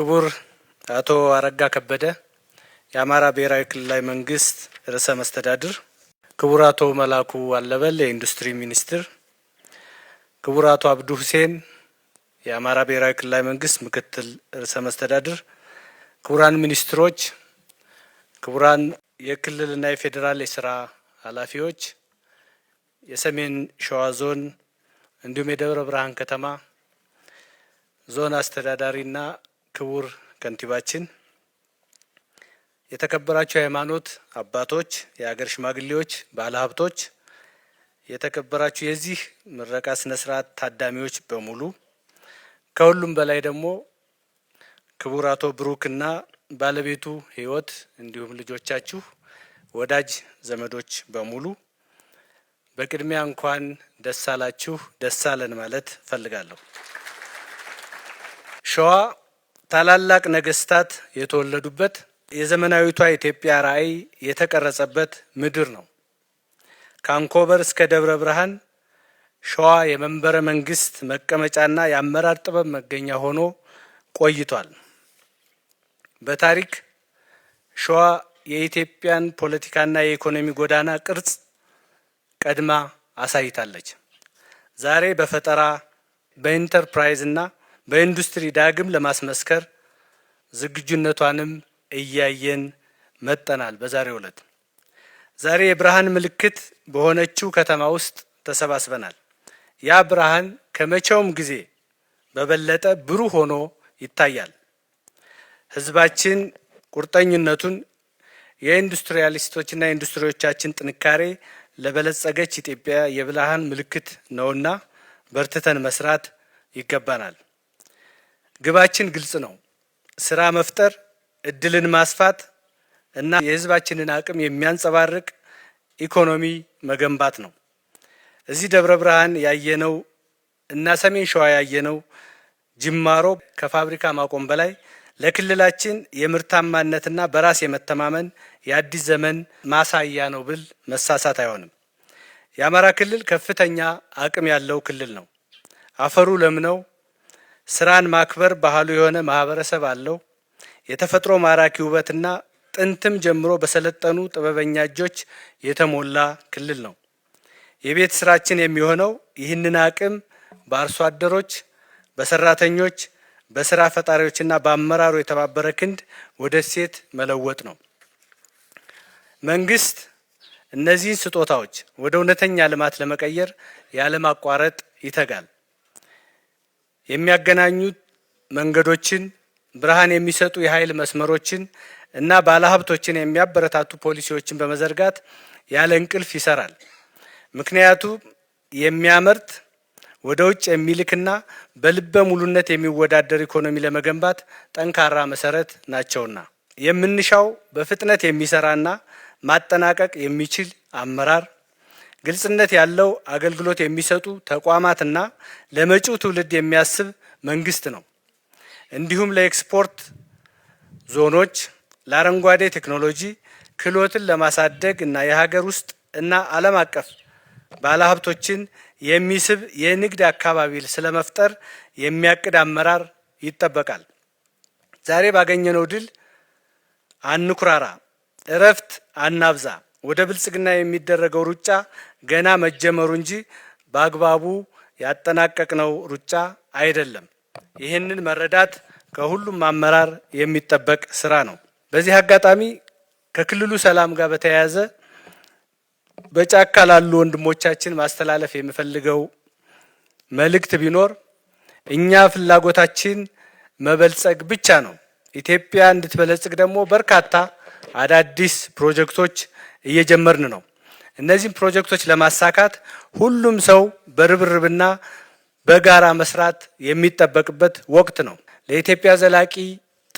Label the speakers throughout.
Speaker 1: ክቡር አቶ አረጋ ከበደ የአማራ ብሔራዊ ክልላዊ መንግስት ርዕሰ መስተዳድር ክቡር አቶ መላኩ አለበል የኢንዱስትሪ ሚኒስትር፣ ክቡር አቶ አብዱ ሁሴን የአማራ ብሔራዊ ክልላዊ መንግስት ምክትል ርዕሰ መስተዳድር፣ ክቡራን ሚኒስትሮች፣ ክቡራን የክልልና የፌዴራል የስራ ኃላፊዎች፣ የሰሜን ሸዋ ዞን እንዲሁም የደብረ ብርሃን ከተማ ዞን አስተዳዳሪና ክቡር ከንቲባችን የተከበራቸው የሃይማኖት አባቶች፣ የሀገር ሽማግሌዎች፣ ባለሀብቶች፣ የተከበራችሁ የዚህ ምረቃ ስነ ስርዓት ታዳሚዎች በሙሉ ከሁሉም በላይ ደግሞ ክቡር አቶ ብሩክና ባለቤቱ ህይወት እንዲሁም ልጆቻችሁ፣ ወዳጅ ዘመዶች በሙሉ በቅድሚያ እንኳን ደስ አላችሁ ደስ አለን ማለት ፈልጋለሁ። ሸዋ ታላላቅ ነገስታት የተወለዱበት የዘመናዊቷ ኢትዮጵያ ራዕይ የተቀረጸበት ምድር ነው። ካንኮበር እስከ ደብረ ብርሃን ሸዋ የመንበረ መንግስት መቀመጫና የአመራር ጥበብ መገኛ ሆኖ ቆይቷል። በታሪክ ሸዋ የኢትዮጵያን ፖለቲካና የኢኮኖሚ ጎዳና ቅርጽ ቀድማ አሳይታለች። ዛሬ በፈጠራ በኢንተርፕራይዝ እና በኢንዱስትሪ ዳግም ለማስመስከር ዝግጁነቷንም እያየን መጠናል። በዛሬ ዕለት ዛሬ የብርሃን ምልክት በሆነችው ከተማ ውስጥ ተሰባስበናል። ያ ብርሃን ከመቼውም ጊዜ በበለጠ ብሩህ ሆኖ ይታያል። ህዝባችን ቁርጠኝነቱን የኢንዱስትሪያሊስቶችና ኢንዱስትሪዎቻችን ጥንካሬ ለበለጸገች ኢትዮጵያ የብርሃን ምልክት ነውና በርትተን መስራት ይገባናል። ግባችን ግልጽ ነው። ስራ መፍጠር እድልን ማስፋት እና የህዝባችንን አቅም የሚያንጸባርቅ ኢኮኖሚ መገንባት ነው። እዚህ ደብረ ብርሃን ያየነው እና ሰሜን ሸዋ ያየነው ጅማሮ ከፋብሪካ ማቆም በላይ ለክልላችን የምርታማነትና በራስ የመተማመን የአዲስ ዘመን ማሳያ ነው ብል መሳሳት አይሆንም። የአማራ ክልል ከፍተኛ አቅም ያለው ክልል ነው። አፈሩ ለምነው ስራን ማክበር ባህሉ የሆነ ማህበረሰብ አለው። የተፈጥሮ ማራኪ ውበትና ጥንትም ጀምሮ በሰለጠኑ ጥበበኛ እጆች የተሞላ ክልል ነው። የቤት ስራችን የሚሆነው ይህንን አቅም በአርሶ አደሮች፣ በሰራተኞች፣ በስራ ፈጣሪዎችና በአመራሩ የተባበረ ክንድ ወደ እሴት መለወጥ ነው። መንግስት እነዚህን ስጦታዎች ወደ እውነተኛ ልማት ለመቀየር ያለማቋረጥ ይተጋል። የሚያገናኙት መንገዶችን ብርሃን የሚሰጡ የኃይል መስመሮችን እና ባለሀብቶችን የሚያበረታቱ ፖሊሲዎችን በመዘርጋት ያለ እንቅልፍ ይሰራል። ምክንያቱ የሚያመርት ወደ ውጭ የሚልክና በልበ ሙሉነት የሚወዳደር ኢኮኖሚ ለመገንባት ጠንካራ መሰረት ናቸውና የምንሻው በፍጥነት የሚሰራና ማጠናቀቅ የሚችል አመራር፣ ግልጽነት ያለው አገልግሎት የሚሰጡ ተቋማትና ለመጪው ትውልድ የሚያስብ መንግስት ነው። እንዲሁም ለኤክስፖርት ዞኖች ለአረንጓዴ ቴክኖሎጂ ክህሎትን ለማሳደግ እና የሀገር ውስጥ እና ዓለም አቀፍ ባለሀብቶችን የሚስብ የንግድ አካባቢ ስለመፍጠር የሚያቅድ አመራር ይጠበቃል። ዛሬ ባገኘነው ድል አንኩራራ፣ እረፍት አናብዛ። ወደ ብልጽግና የሚደረገው ሩጫ ገና መጀመሩ እንጂ በአግባቡ ያጠናቀቅነው ሩጫ አይደለም። ይህንን መረዳት ከሁሉም አመራር የሚጠበቅ ስራ ነው። በዚህ አጋጣሚ ከክልሉ ሰላም ጋር በተያያዘ በጫካ ላሉ ወንድሞቻችን ማስተላለፍ የምፈልገው መልእክት ቢኖር እኛ ፍላጎታችን መበልጸግ ብቻ ነው። ኢትዮጵያ እንድትበለጽግ ደግሞ በርካታ አዳዲስ ፕሮጀክቶች እየጀመርን ነው። እነዚህም ፕሮጀክቶች ለማሳካት ሁሉም ሰው በርብርብና በጋራ መስራት የሚጠበቅበት ወቅት ነው። ለኢትዮጵያ ዘላቂ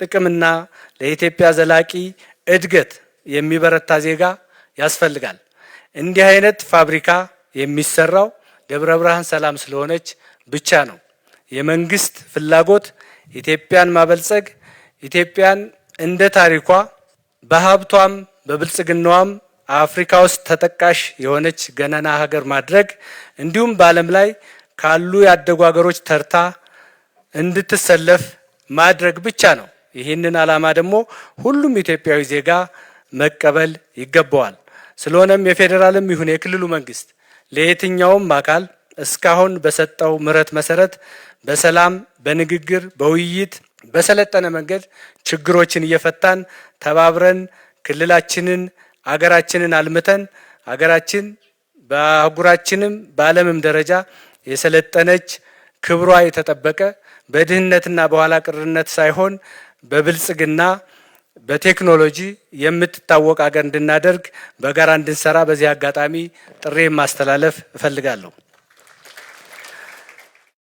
Speaker 1: ጥቅምና ለኢትዮጵያ ዘላቂ እድገት የሚበረታ ዜጋ ያስፈልጋል። እንዲህ አይነት ፋብሪካ የሚሰራው ደብረ ብርሃን ሰላም ስለሆነች ብቻ ነው። የመንግስት ፍላጎት ኢትዮጵያን ማበልጸግ፣ ኢትዮጵያን እንደ ታሪኳ በሀብቷም በብልጽግናዋም አፍሪካ ውስጥ ተጠቃሽ የሆነች ገናና ሀገር ማድረግ እንዲሁም በዓለም ላይ ካሉ ያደጉ ሀገሮች ተርታ እንድትሰለፍ ማድረግ ብቻ ነው። ይህንን ዓላማ ደግሞ ሁሉም ኢትዮጵያዊ ዜጋ መቀበል ይገባዋል። ስለሆነም የፌዴራልም ይሁን የክልሉ መንግስት ለየትኛውም አካል እስካሁን በሰጠው ምሕረት መሰረት በሰላም በንግግር በውይይት በሰለጠነ መንገድ ችግሮችን እየፈታን ተባብረን ክልላችንን አገራችንን አልምተን አገራችን በአህጉራችንም በዓለምም ደረጃ የሰለጠነች፣ ክብሯ የተጠበቀ በድህነትና በኋላ ቅርነት ሳይሆን በብልጽግና በቴክኖሎጂ የምትታወቅ አገር እንድናደርግ በጋራ እንድንሰራ በዚህ አጋጣሚ ጥሬ ማስተላለፍ እፈልጋለሁ።